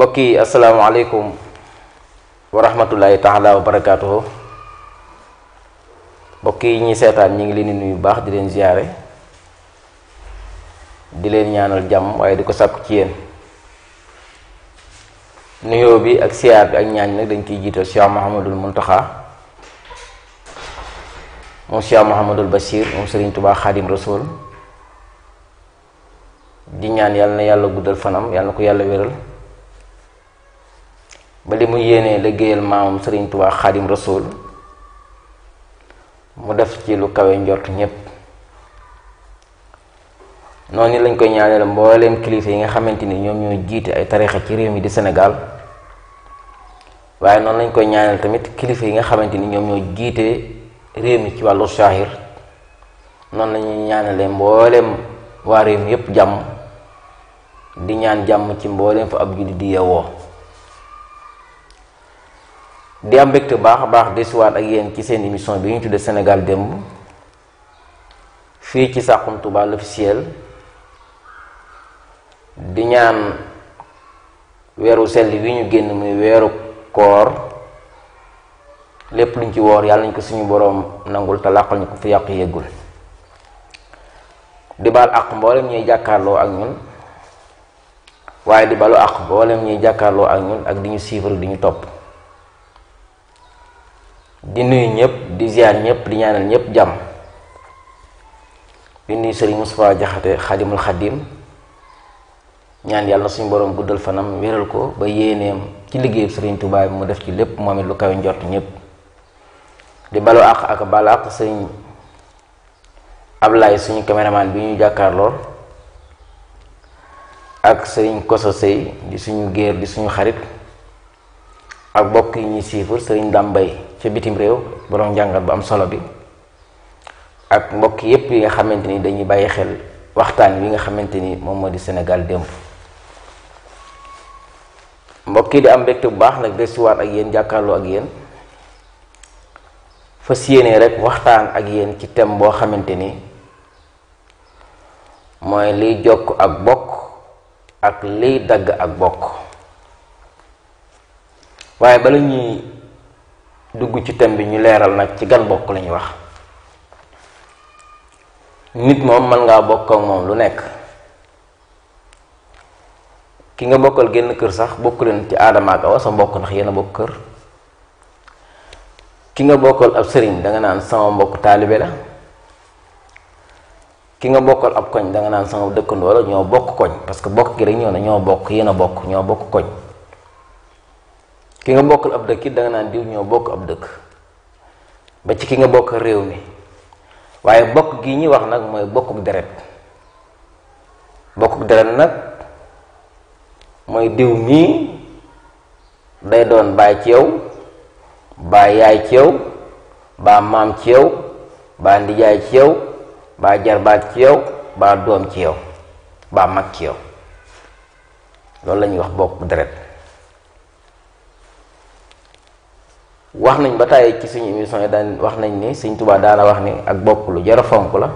mbokk yi asalaamaaleykum wa rahmatullahi taala wa mbokk yi ñuy seetaan ñi ngi leen di nuyu baax di leen ziyaare di leen ñaanal jàmm waaye di ko sàkku ci yéen nuyoo bi ak siyaar bi ak ñaañ nag dañ ciy jiital Cheikh Mouhamadul Muntaxa moom Cheikh Mouhamadul Bachir moom Sëriñ Tubaa Xaadim Rasuul di ñaan yàlla na yàlla guddal fanaam yàlla na ko yàlla wéral ba li mu yéenee liggéeyal maamam Sëriñ Tuubaa Xaadim Rasuul mu def ci lu kawe njort ñépp noonu lañ koy ñaanal mbooleem kilifa yi nga xamante ni ñoom ñoo jiite ay tarixa ci réew mi di Sénégal waaye noonu lañ koy ñaanal tamit kilifa yi nga xamante ni ñoom ñoo jiite réew mi ci wàllu saahir noonu lañuy ñaanale mbooleem waa réew mi yépp jàmm di ñaan jàmm ci mbooleem fa ab julli di yeewoo di am mbégte baax a baax desiwaat ak yéen ci seen mission bi ñu tuddee Sénégal démb fii ci Saxum Touba l'officiel di ñaan weeru sell wi ñu génn muy weeru koor lépp luñ ci woor yàlla nañ ko suñu boroom nangul te làqal ñu ko fi yàq yéggul di baal àq mboolem ñuy jàkkaarloo ak ñun waaye di balu àq mboolem ñuy jàkkaarloo ak ñun ak di ñu suivre di ñu topp di nuyu ñëpp di ziar ñëpp di ñaanal ñëpp jàmm di nuyu sëriñ Moustapha Jaxate xadimul xadim ñaan yàlla suñu borom guddal fanam wéral ko ba yéeneem ci liggéeyub sëriñ Tuubaa bi mu def ci lépp moom it lu kawe njort ñëpp di balu àq ak balu àq sëriñ Ablaay suñu caméraman bi ñu jàkkaarlool ak sëriñ Koso Sey di suñu géer di suñu xarit ak bokk yi ñuy siifur sëriñ Dambay ca bitim réew borom njàngat bu am solo bi ak mbokk yépp yi nga xamante ni dañuy bàyyi xel waxtaan bi nga xamante ni moom moo di senegal démb mbokk yi di am mbégte bu baax nag desuwaat ak yéen jàkkaarloo ak yéen fas yéene rek waxtaan ak yéen ci thème boo xamante ni mooy liy jokk ak bokk ak liy dagg ak bokk waaye bala dugg ci thème bi ñu leeral nag ci gan bokk lañuy wax nit moom mën ngaa bokk ak moom lu nekk ki nga bokkal génn kër sax bokk leen ci aadama ak awa sa mbokk ndax yéen bokk kër ki nga bokkal ab sëriñ danga naan sama mbokk taalibe la ki nga bokkal ab koñ danga naan sama dëkkandoo la ñoo bokk koñ parce que bokk gi rek ñëw na ñoo bokk yéen a bokk ñoo bokk koñ ki nga bokkal ab dëkk it da naan diw ñoo bokk ab dëkk ba ci ki nga bokk réew mi waaye bokk gi ñuy wax nag mooy bokkuk deret bokkuk deret nag mooy diw mii day doon baay ci yow baa yaay ci yow baa maam ci yow baa ndijaay ci yow baa jarbaat ci yow baa doom ci yow baa mag ci yow loolu lañuy wax bokk deret wax nañ ba tàyyi ci suñu émission yi daan wax nañ ni sëñ Tuubaa daana wax ni ak bokkulu lu jar a fonk la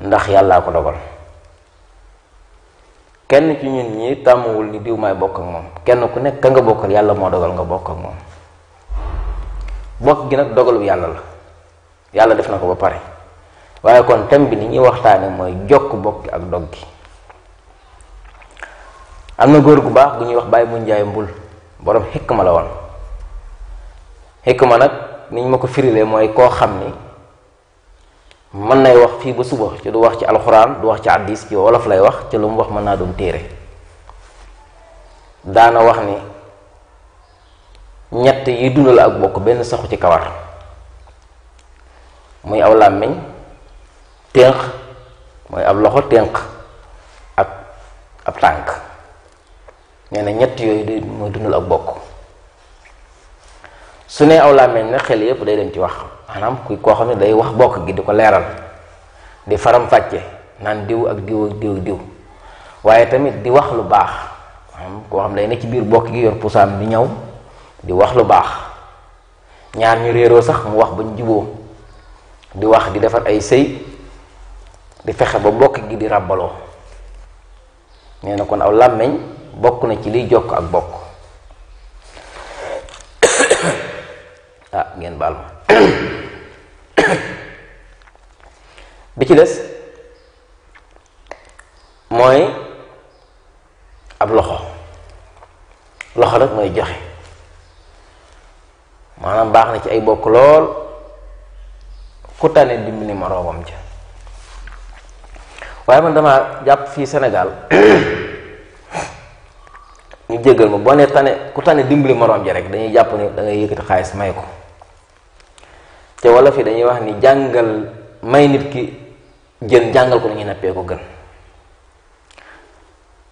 ndax yàllaa ko dogal kenn ci ñun ñi tàmmawul ni diw maay bokk ak moom kenn ku nekk ka nga bokkal yàlla moo dogal nga bokk moom bokk gi nag dogalu yàlla la yàlla def na ko ba pare waaye kon thème bi ni ñuy waxtaane mooy jokk bokk ak dog gi am na góor gu baax gu ñuy wax Baye Mandiaye Mbul borom ma la woon xikma nag ni ñu ma ko firilee mooy koo xam ni mën nay wax fii ba suba ci du wax ci alxuraan du wax ci addis ci wolof lay wax ci lu mu wax mën naa doon téere daana wax ni ñett yi dundal ak bokk benn saxu ci kawar muy aw làmmiñ ténq mooy ab loxo ténq ak ab tànk nee na ñett yooyu mooy dundal ak bokk su nee aw làmmiñ na xel yépp day dem ci wax maanaam ku koo xam ne day wax bokk gi di ko leeral di faram fàcce naan diw ak diw ak diw ak diw waaye tamit di wax lu baax maanaam koo xam ne day ne ci biir bokk gi yoon pusaam di ñëw di wax lu baax ñaar ñu réeroo sax mu wax bañ juboo di wax di defar ay sëy di fexe ba bokk gi di ràbbaloo nee na kon aw làmmiñ bokk na ci liy jokk ak bokk ah ngeen baal ma bi ci des mooy ab loxo loxo nag mooy joxe maanaam baax na ci ay bokk lool ku tane dimbali moroomam ca waaye man damaa jàpp fii Sénégal ñu jéggal ma boo nee tane ku tane dimbali moroom ja rek dañuy jàpp ne da ngay yëkkati xaalis may ko te wala fi dañuy wax ni jàngal may nit ki jën jàngal ko ni ñuy ko gën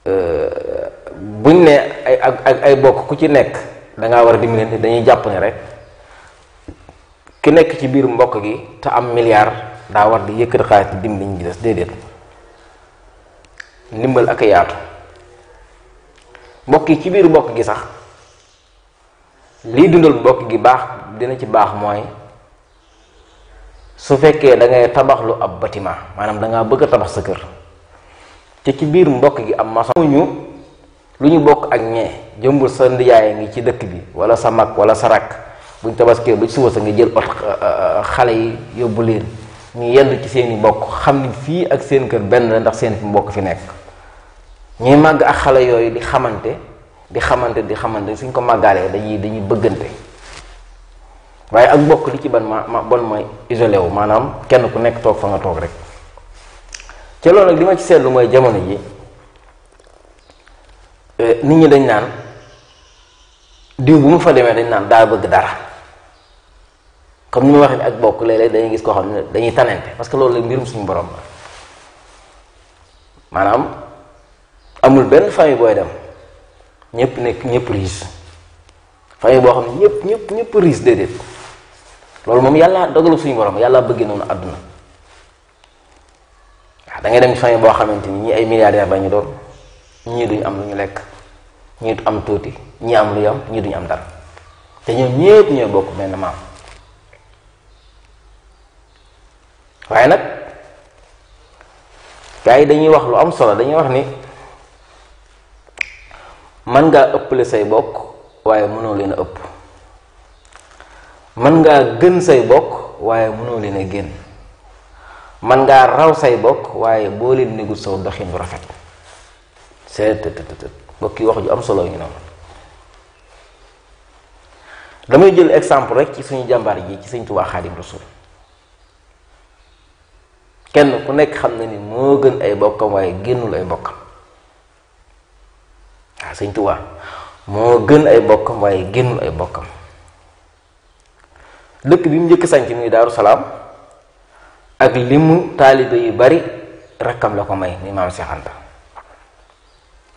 euh, buñ ne ay ay bokk ku ci nekk danga war a dimbalante dañuy jàpp ne rek ki nekk ci biir mbokk gi te am milliard daa war di yëkkati xaalis di dimbali ñu des déedéet ndimbal ak yaatu mbokk yi ci biir mbokk gi sax lii dundal mbokk gi baax dina ci baax mooy su fekkee da ngay tabaxlu ab batiment maanaam da ngaa bëgg a tabax sa kër te ci biir mbokk gi am maçon ñu lu ñu bokk ak ñee jëmbul sa ndiyaay ngi ci dëkk bi wala sa mag wala sa rakk buñ tabaskee ba ci suba sa nga jël ot xale yi yóbbu leen ñu yend ci seen i bokk xam ni fii ak seen kër benn la ndax seen mbokk fi nekk ñuy màgg ak xale yooyu di xamante di xamante di xamante suñ ko màggaalee dañuy dañuy bëggante waaye ak bokk li ci ban ma ma bon mooy isolé wu maanaam kenn ku nekk toog fa nga toog rek ca loolu nag li ma ci seetlu mooy jamono ji euh, nit ñi dañ naan diw bu ma fa demee dañ naan daa bëgg dara comme ni ma waxee ak bokk léeg-léeg gis koo xam ne dañuy tanante parce que loolu la mbirum suñu borom la maanaam amul benn famille booy dem ñëpp nekk ñëpp riis famille boo xam ne ñëpp ñëpp ñëpp riis déedéet loolu moom yàlla dogalu suñu borom yàlla bëgg noonu àdduna waaw da dem ci famille boo xamante ni ñii ay milliardaire la ñu doon ñii duñ am lu ñu lekk ñii am tuuti ñii am lu yam ñii duñu am dara te ñoom ñépp ñooy bokk benn maam waaye nag kaa yi dañuy wax lu am solo dañuy wax ni mën ngaa ëpple say bokk waaye mënoo leen a ëpp man ngaa gën say bokk waaye mënoo leen a génn mën ngaa raw say bokk waaye boo leen négut saw doxin bu rafet seet tëdd bokki wax ju am solo ñu noonu damay jël exemple rek ci suñu jàmbaar ji ci sëñ Tuubaa Xaadim Rasuul kenn ku nekk xam na ni moo gën ay bokkam waaye génnul ay bokkam waaw sëñ Tuubaa moo gën ay bokkam waaye génnul ay bokkam dëkk bi mu njëkk sanc muy daaru salaam ak limu mu taalibe yu bari rakkam la ko may ni maam Cheikh Anta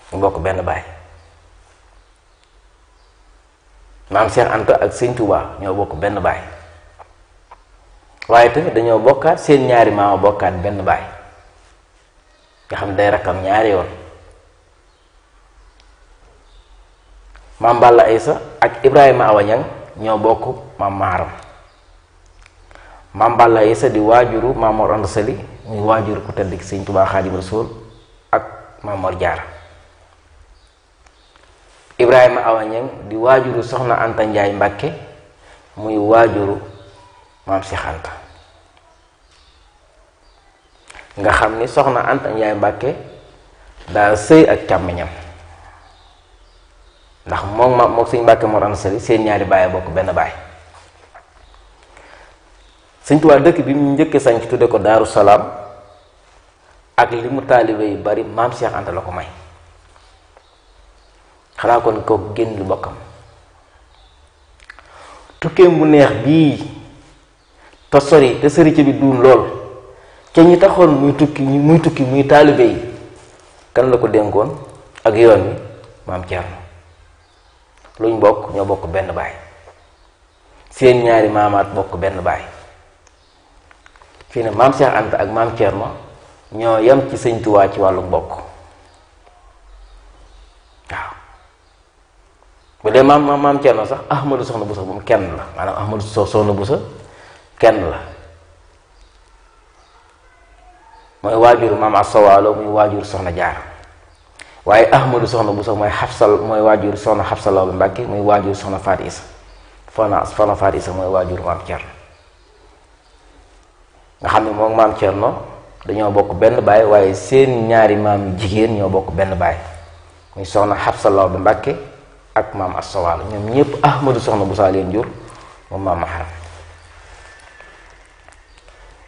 bokk benn baay maam Cheikh Anta ak sëñ Touba ñoo bokk benn baay waaye te dañoo bokkaat seen ñaari maama bokkaat benn baay nga xam day rakkam ñaari yoon maam Balla Aysa ak Ibrahima Awa Ñang ñoo bokk maam Maaram maam Balla Issa di waajuru maam Mor Anta Sali muy waajur ku tedd ki sëñ Tuubaa Xaadimu Rasuul ak maam Mor Jaara Ibrahima Awa di waajuru soxna Anta Njaay Mbàkke muy waajuru maam Seex Anta nga xam ni soxna Anta Njaay Mbàkke daa sëy ak càmmiñam ndax moom ma mook sëñ Mbàkke Mor Anta Sali seen ñaari baay bokk benn baay sëñ Tuubaa dëkk bi mu njëkkee sañ ci ko Daaru Salaam ak li mu taalibe yu bari maam Cheikh Anta la ko may xanaa kon ko génn lu bokkam tukkeem bu neex bii te sori te sëri ci bi duun lool ca ñi taxoon muy tukki muy tukki muy taalibe yi kan la ko dénkoon ak yoon wi maam Thierno luñ bokk ñoo bokk benn baay seen ñaari maamaat bokk benn baay fii ne maam Cheikh Anta ak maam Thierno ñoo yem ci sëñ ci wàllu mbokk waaw bu dee maam maam maam Thierno sax Ahmadu Soxna Busa bu kenn la maanaam Ahmadu Soxna Busa kenn la mooy waajur maam Asawaalo muy waajur Soxna Jaar waaye Ahmadu Soxna Busa mooy xabsal mooy waajur Soxna Xabsaloo bi Mbàkke muy waajur Soxna Faat Isa Fana Fana Faat Isa mooy waajuru maam Thierno. nga xam ne moom maam Thierno dañoo bokk benn baay waaye seen ñaari maam jigéen ñoo bokk benn baay muy soxna Xabsa Law bi Mbàkke ak maam Assawaal ñoom ñëpp Ahmadu soxna bu saa leen jur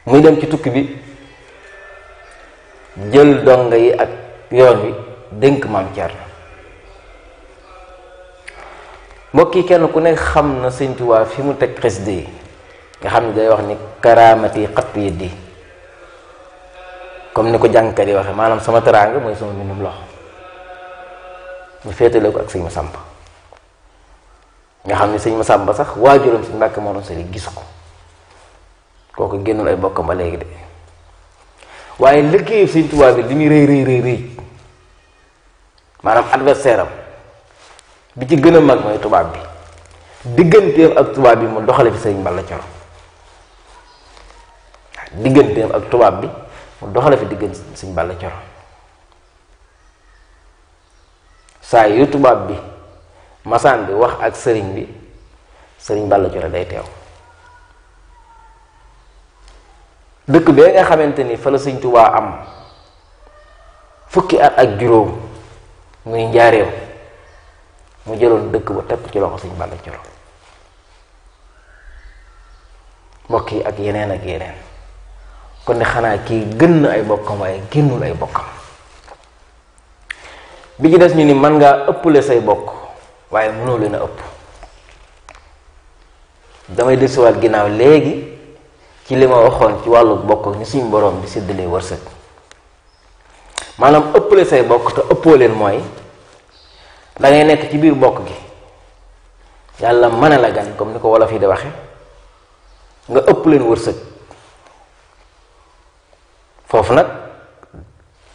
muy dem ci tukki bi jël donga yi ak yoon wi dénk maam Thierno mbokk yi kenn ku nekk xam na sëñ Tuubaa fi mu teg xes yi nga xam ne day wax ni karaamati xattu yeddi comme ni ko jàngkat yi waxee maanaam sama teraanga mooy sama minum loxo mu féetale ko ak sëñ Masamba nga xam ne sëñ Masamba sax waajuram sëñ Mbàkke Moroom Sali gisu ko kooku génnul ay bokkam ba léegi de waaye liggéeyu sëñ Tuubaa bi di muy rëy rëy rëy rëy maanaam adversaire am bi ci gën a mag mooy tubaab bi digganteem ak tubaab bi mu doxale fi sëñ Balla Coro digganteem ak tubaab bi mu doxale fi diggante sëñ Balla Coro saa yu tubaab bi masaan bi wax ak sëriñ bi sëriñ Balla Coro day teew dëkk bee nga xamante ni fa la sëñ Tuubaa am fukki at ak juróom muy njaareew mu jëloon dëkk ba tepp ci loxo sëñ Balla Coro mbokk yi ak yeneen ak yeneen kon ne xanaa kii gën na ay bokkam waaye génnul ay bokkam bi ci des ñu ni man ngaa ëpple say bokk waaye mënoo leen a ëpp damay desuwaat ginnaaw léegi ci li ma waxoon ci wàllu bokk ñu suñ boroom di séddalee wërsëg maanaam ëpple say bokk te ëppoo leen mooy dangay nekk ci biir bokk gi yàlla mën a la gan comme ni ko wolof yi di waxe nga ëpp leen wërsëg foofu nag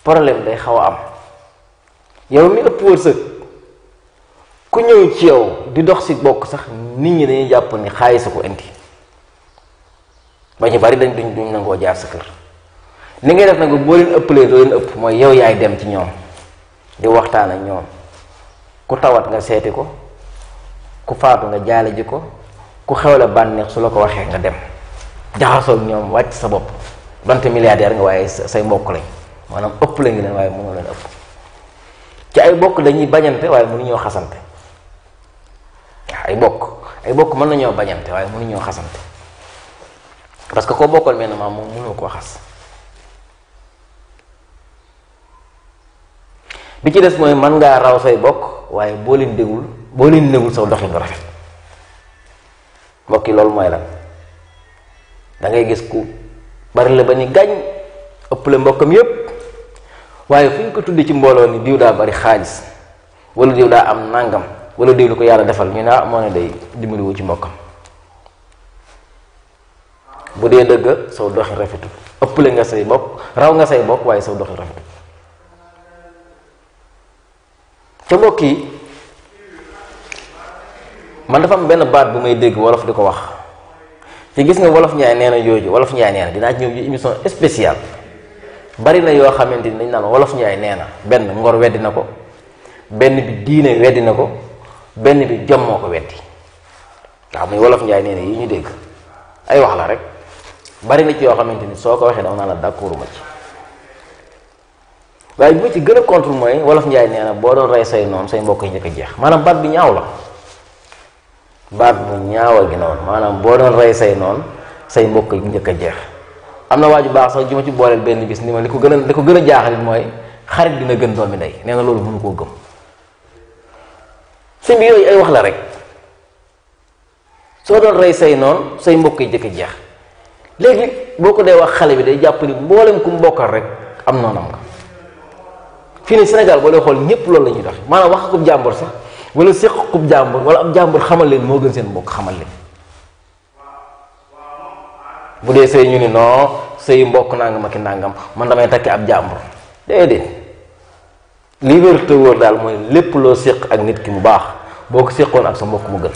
problème day xaw a am yow mi ëpp wërsëg ku ñëw ci yow di dox si bokk sax nit ñi dañuy jàpp ni xaalis ko indi ba ñu bari dañ duñ duñ nangoo jaar sa kër li nga def nag boo leen ëppalee doo leen ëpp mooy yow yaay dem ci ñoom di waxtaan ak ñoom ku tawat nga seeti ko ku faatu nga jaale ji ko ku xewle bànneex su la ko waxee nga dem jaxasoo ñoom wàcc sa bopp. donte milliardaire nga waaye say mbokk lañ maanaam ëpp la ngi leen waaye mënoo leen ëpp ci ay bokk dañuy bañante waaye mënuñoo xasante ay bokk ay bokk mën nañoo bañante waaye mënuñoo xasante parce que koo bokkal mel na maam moom mënoo koo xas bi ci des mooy mën ngaa raw say bokk waaye boo leen dégul boo leen négul saw doxin rafet mbokki loolu mooy lan da gis ku bari la ba ni gàñ ëpp la mbokkam yépp waaye fu ñu ko tuddee ci mbooloo ni diw daa bari xaalis wala diw daa am nàngam wala diw lu ko yàlla defal ñu naa ah, moo ne day dimbaliwu ci mbokkam bu dee dëgg saw doxi rafetul ëpp la nga say bokk raw nga say bokk waaye saw doxi rafetul ca mbokk yi man dafa am benn baat bu may dégg wolof di ko wax te gis nga wolof Njaay nee na yooyu wolof Njaay nee dinaa ci ñëw ji émission spéciale bari na yoo xamante ni dañ naan wolof Njaay nee na benn ngor weddi na ko benn bi diine weddina ko benn bi jom ko weddi waaw muy wolof Njaay nee na yi ñu dégg ay wax la rek bari na ci yoo xamante ni soo ko waxee da naa la d'accord ma ci waaye bu ci gën a contre mooy wolof Njaay nee boo doon rey say noon say mbokk yi njëkk jeex maanaam baat bi ñaaw la. baat bu ñaawa gi noonu maanaam boo doon rey say noon say mbokk yi njëkk a jeex am na waaju baax sax ju ci booleel benn bis ni ma li ko gën a li ko gën a mooy xarit dina gën doomi ndey nee na loolu mënu koo gëm sëñ bi yooyu ay wax la rek soo doon rey say noonu say mbokk yi njëkk jeex léegi boo ko dee wax xale bi day jàpp ni mboolem ku mbokkal rek am noonam nga fii ne Sénégal boo xool ñëpp loolu la ñuy dox maanaam wax ko jàmbur sax. wala séqub jàmbur wala ab jàmbur xamal leen moo gën seen mbokk xamal leen bu dee sëy ñu ni noo sëy mbokk nangam ak nangam man damay takki ab jàmbur déedéet li wér te daal mooy lépp loo séq ak nit ki bu baax boo ko séqoon ak sa mbokk mu gën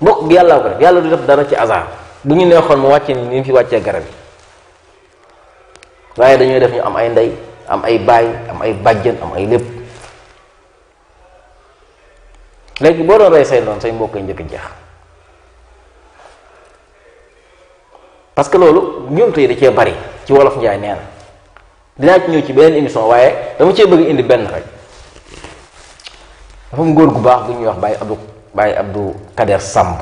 mbokk gi yàlla ko def yàlla du def dara ci hasard bu ñu neexoon mu wàccee ni mu fi wàccee garab yi waaye dañuy def ñu am ay ndey am ay baay am ay bàjjen am ay lépp léegi boo doon rey say noonu say mbokk njëkk jeex parce que loolu njuumte yi da cee bari ci wolof njaay nee dinaa ci ñëw ci beneen émission waaye dama cee bëgg indi benn rek dafa am góor gu baax bu ñuy wax Baye Abdou Baye Abdou Kader Samb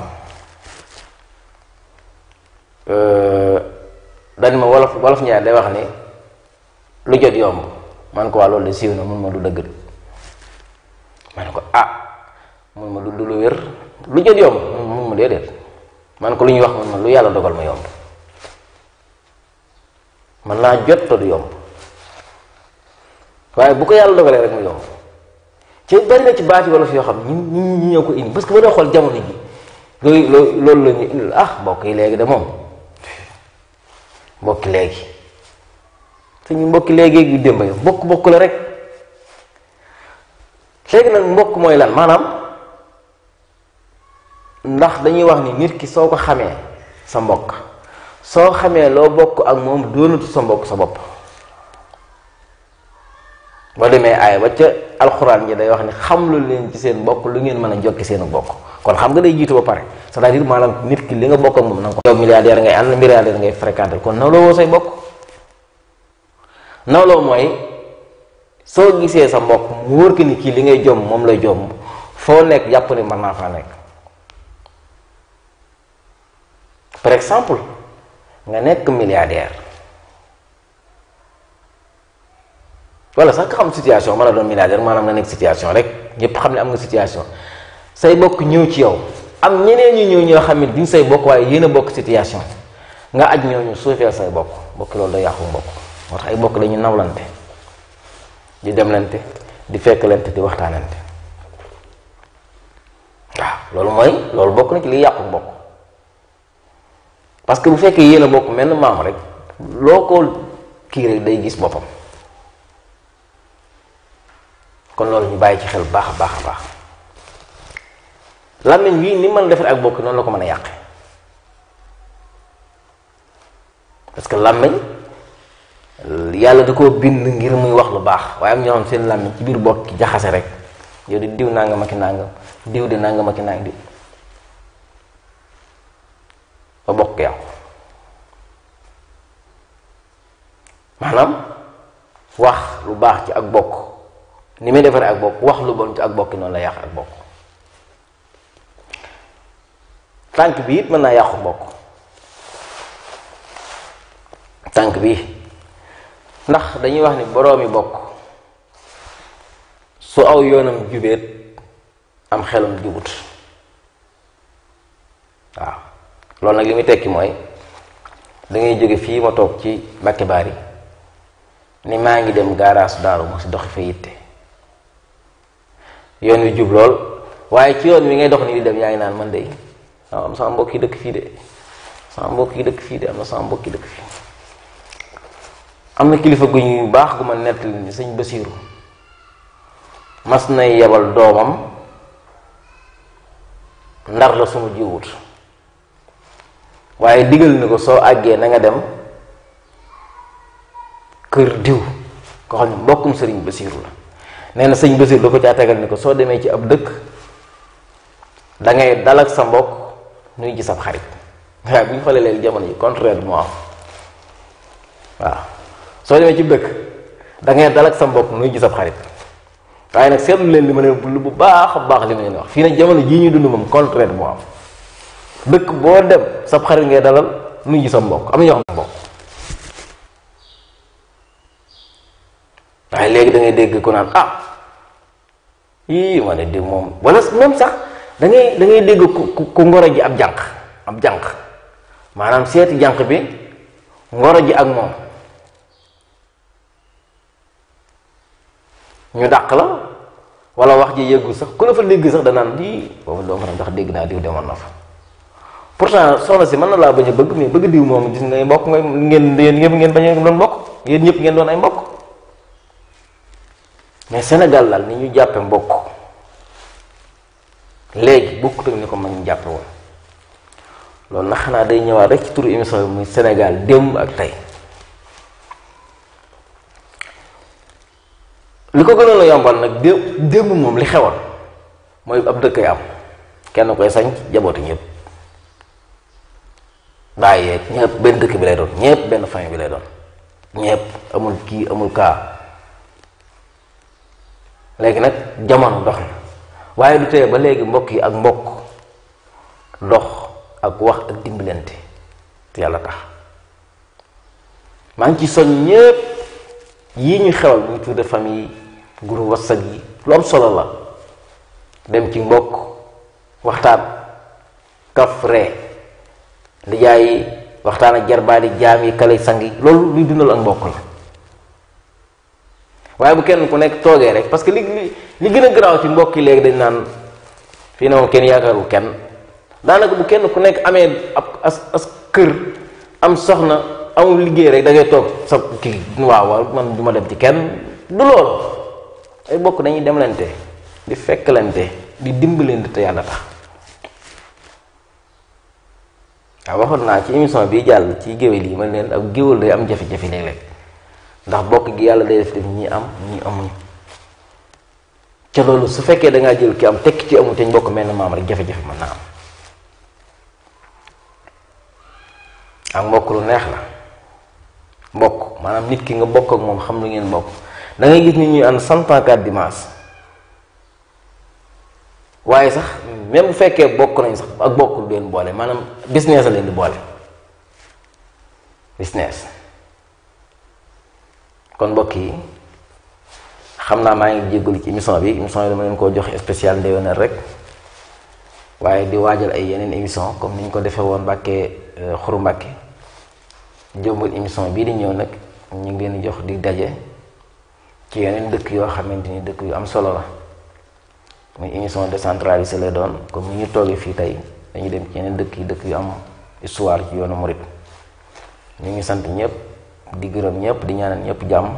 dañ ma wolof wolof njaay day wax ni lu jot yomb man ko waa loolu de siiw na mun ma du dëgg de ma ne ah mun ma du lu wér lu jot yomb mun ma déedéet man ko lu ñuy wax ma lu yàlla dogal ma yomb man naa jot te yomb waaye bu ko yàlla dogalee rek ma yomb ci bari na ci baati wala fi yoo xam ñu ñu ñoo ko indi parce que ba doo xool jamono ji loolu loolu la ñu ah mbokk yi léegi de moom mbokki léegi suñu mbokki léegi yu mbokk mbokk la rek léegi nag mbokk mooy lan maanaam ndax dañuy wax ni nit ki soo ko xamee sa mbokk soo xamee loo bokk ak moom doonatu sa mbokk sa bopp boo demee ay ba ca alxuraan ji day wax ni xam lu leen ci seen bokk lu ngeen mën a jokki seen bokk kon xam nga day jiitu ba pare c'est-à-dire maanaam nit ki li nga bokk ak moom na nga ko. yow milliardaire ngay ànd milliardaire ngay fréquenté kon nawloo woo say bokk nawloo mooy soo gisee sa mbokk mu wóor ki ni kii li ngay jom moom lay jom foo nekk jàpp ni mën naa nekk. par exemple nga nekk milliardaire wala sax nga xam situation mën a doon milliardaire maanaam nga nekk situation rek ñëpp xam ne am nga situation say bokk ñëw ci yow am ñeneen ñu ñëw ñoo xam ne say bokk waaye yéen a bokk situation nga aj ñooñu suufeel say bokk bokk loolu da yàqu mbokk moo tax ay bokk dañu nawlante di demlante di fekklante di waxtaanante waaw loolu mooy loolu bokk na ci liy yàqu mbokk parce que bu fekkee yéen a bokk menn maam rek loo ko kii rek day gis boppam kon loolu ñu bàyyi ci xel baax a baax a baax làmmiñ wi ni mën a defar ak bokki noonu la ko mën a yàqe parce que làmmiñ yàlla da koo bind ngir muy wax lu baax waaye am ñoo xam seen làmmiñ ci biir bokk ki jaxase rek yow di diw nangam ak diw di nàngamaki ak nangam ba bokk yam maanaam wax lu baax ci ak bokk ni muy defaree ak bokk wax lu bon ci ak bokki noonu la yàq ak bokk tànk bi it mën naa yàqu bokk tànk bi ndax dañuy wax ni boroomi bokk su aw yoonam jubeet am xelum jubut waaw loolu nag li muy tekki mooy dangay jóge fii ma toog ci Mbàkke yi ni maa ngi dem gaaraas daaru mu si doxi fa yitte yoon wi jub lool waaye ci yoon wi ngay dox ni di dem yaa ngi naan man de sama mbokk yi dëkk fii de sama mbokk yi dëkk fii de am na sama mbokk yi dëkk fii am na kilifa gu ñu baax gu ma nettali ni sëñ Basiiru mas nay yebal doomam ndar la suma jiwut waaye digal ni ko soo àggee na nga dem kër diw ko xam ne mbokkum sëriñ Basiiru la nee na sëñ Basiiru da ko caa tegal ni ko soo demee ci ab dëkk da dal ak sa mbokk nuy gis sab xarit waaye bu ñu xoolee leen jamono yi contrairement waaw ci dëkk da ngay sa mbokk nuy gis ab xarit waaye nag seetlu leen li ma ne lu bu baax a baax li ma leen wax fii nag jamono jii ñuy dund moom contrairement dëkk boo dem sab xarit ngay dalal nuy gis sa mbokk am na ñoo xam mbokk. waaye léegi dangay dégg ku naan ah yii ma ne di moom wala moom sax dangay dangay dégg ku ku ngoro ji ab jànq ab jànq maanaam seeti jànq bi ngoro ji ak moom ñu dàq la wala wax ji yëggu sax ku la fa dégg sax danaan di boobu doo mën a ndax dégg naa diw demoon na fa pourtant soxna si mën na laa bañ a bëgg mais bëgg diw moom gis nga mbokk nga ngeen yéen ñëpp ngeen bañ a doon mbokk yéen ngeen doon ay mbokk mais Sénégal daal ni ñu jàppe mbokk léegi bokkut ak ni ko mag ñu jàppe woon loolu na xanaa day ñëwaat rek ci turu émission bi muy Sénégal démb ak tey li ko gënoon a yombal nag dé démb moom li xewoon mooy ab dëkkay am kenn koy sañ jabootu ñëpp bàyyeeg ñëpp benn dëkk bi lay doon ñëpp benn famille bi lay doon ñëpp amul kii amul kaa léegi nag jamono dox na waaye du teye ba léegi mbokk yi ak mbokk dox ak wax ak dimbalante te yàlla tax maa ngi ci soñ ñépp yi ñu xewal ñu tudde famille groupe WhatsApp yi lu am solo la dem ci mbokk waxtaan kaf ree ndijaayi waxtaan ak jarbaali jaam yi kale sang yi loolu luy dundal ak mbokk la waaye bu kenn ku nekk toogee rek parce que li li gën a garaaw ci mbokk yi léegi dañ naan fii ne moom kenn yaakaarul kenn daanaka bu kenn ku nekk amee ab as as kër am soxna amul liggéey rek dangay toog sa kii waaw waaw man du ma dem ci kenn du loolu ay bokk dañuy demlante di fekkalante di dimbalante te yàlla tax waaw waxoon naa ci émission bii jàll ci géwél yi man leen ab géwél day am jafe-jafe léeg-léeg ndax bokk gi yàlla day def def ñi am ñi amuñ ca loolu su fekkee da ngaa jël ki am tekki ci amul te ñu ne maam rek jafe-jafe am ak mbokk lu neex la mbokk maanaam nit ki nga bokk ak moom xam lu ngeen bokk da ngay gis nit ñuy ànd cent ans quatre dimanche waaye sax même bu fekkee bokk nañ sax ak bokk lu leen boole maanaam business la leen di boole business. kon mbokk yi xam naa maa ngi jégalu ci émission bi émission bi dama leen koo jox spécial ndewenal rek waaye di waajal ay yeneen émission comme ni ñu ko defee woon Mbàkke euh, Xuru Mbàkke jëmbul émission bii di ñëw nag ñu ngi leen jox di daje ci yeneen dëkk yoo xamante ni dëkk yu am solo la muy émission décentralisée lay doon comme ni ñu toogee fii tey dañu dem ci yeneen dëkk yi dëkk yu am histoire ci yoonu murit ñu ngi sant ñëpp. di gërëm ñëpp di ñaanal ñëpp jàmm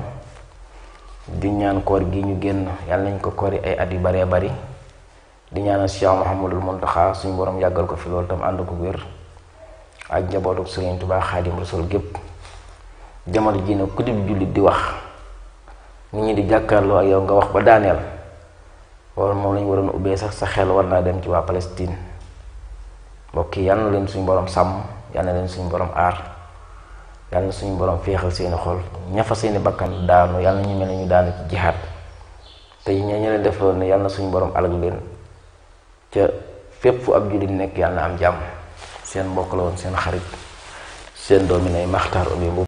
di ñaan koor gi ñu génn yàlla nañ ko kori ay at yu baree bari di ñaanal Cheikh Mouhamadul Mountakha suñu borom yàggal ko fi loolu tam ànd ko wér ak njabootu Serigne Touba Xaadim Rasul gépp jamono ji nag ku di jullit di wax nit ñi di jàkkaarloo ak yow nga wax ba daaneel loolu moom lañu waroon ubbee sax sa xel war naa dem ci waa Palestine mbokk yi yal na leen suñu borom sàmm yal na leen suñu borom aar. yàlla suñu boroom féexal seeni xol ñafa seeni bakkan daanu yàlla ñu mel ne ñu daanu ci jihaat te ñoo ñu leen def loolu ne yàlla suñu borom alag leen ca fépp fu ab jullit nekk yàlla am jàmm seen mbokk la woon seen xarit seen doomi nay maxtaar umi